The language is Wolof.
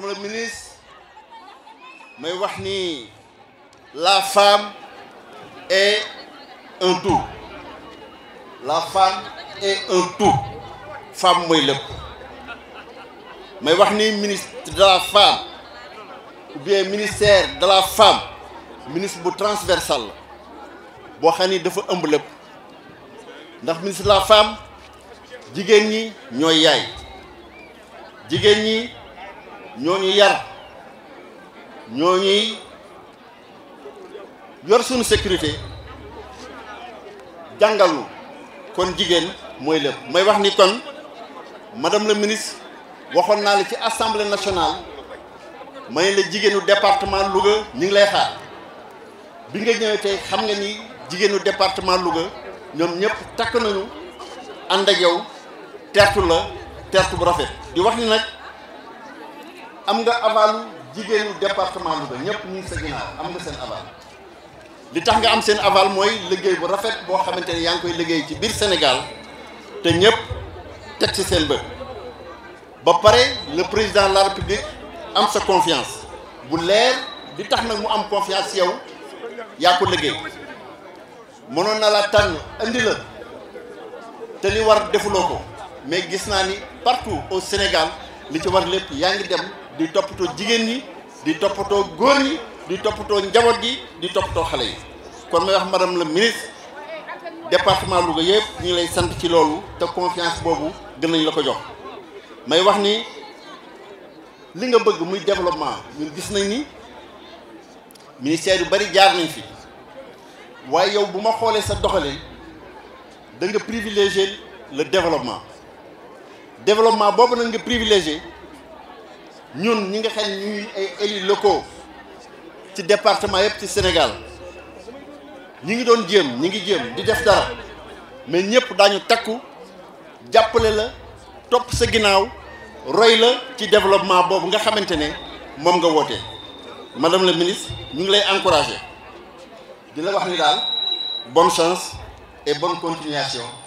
madame la ministre may wax ni la femme est un tout la femme est un tout femme Je vous may wax ministre de la femme ou bien ministère de la femme ministre transversal boo de ni dafa le le ministre de la femme jigéen ni ñooy yaay ñoo ñu yar ñoo ñuy yor suñu sécurité jàngalu kon jigéen mooy lépp may wax ni kon madam la ministre waxoon naa la ci assemblée nationale may la jigéenu département Louga ñi ngi lay xaar bi nga ñëwee tey xam nga ni jigéenu département Louga ñoom ñëpp takk nañu ànd ak yow tertu la tertu bu rafet di wax ni nag am nga aval jigéenu département Louga ñëpp ñu ngi sa ginnaaw am nga seen aval li tax nga am seen aval mooy liggéey bu rafet boo xamante ne yaa ngi koy liggéey ci biir Sénégal te ñëpp teg ci seen bët ba pare le président de la République am sa confiance bu leer li tax nag mu am confiance yow yaa ko liggéey mënoon na la tànn indi la te li war defuloo ko mais gis naa ni partout au Sénégal li ci war lépp yaa ngi dem. di toppatoo jigéen ñi di toppatoo góor yi di toppatoo njaboot gi di toppatoo xale yi kon may wax madame la ministre département Louga yëpp ñu ngi lay sant ci loolu te confiance boobu gën nañ la ko jox may wax ni li nga bëgg muy developpement ñu gis nañ ni ministère yu bari jaar nañ fi waaye yow bu ma xoolee sa doxalin da nga privilégier le développement developpement boobu nag nga privilégier Nous, nous sommes élus locaux dans le département et le Sénégal. Nous sommes des gens, nous sommes des gens, mais nous sommes tous les gens, nous sommes tous les gens, nous sommes tous le développement que vous savez, c'est lui qui vote. Madame la ministre, nous vous encourageons. Je vous dis bonne chance et bonne continuation.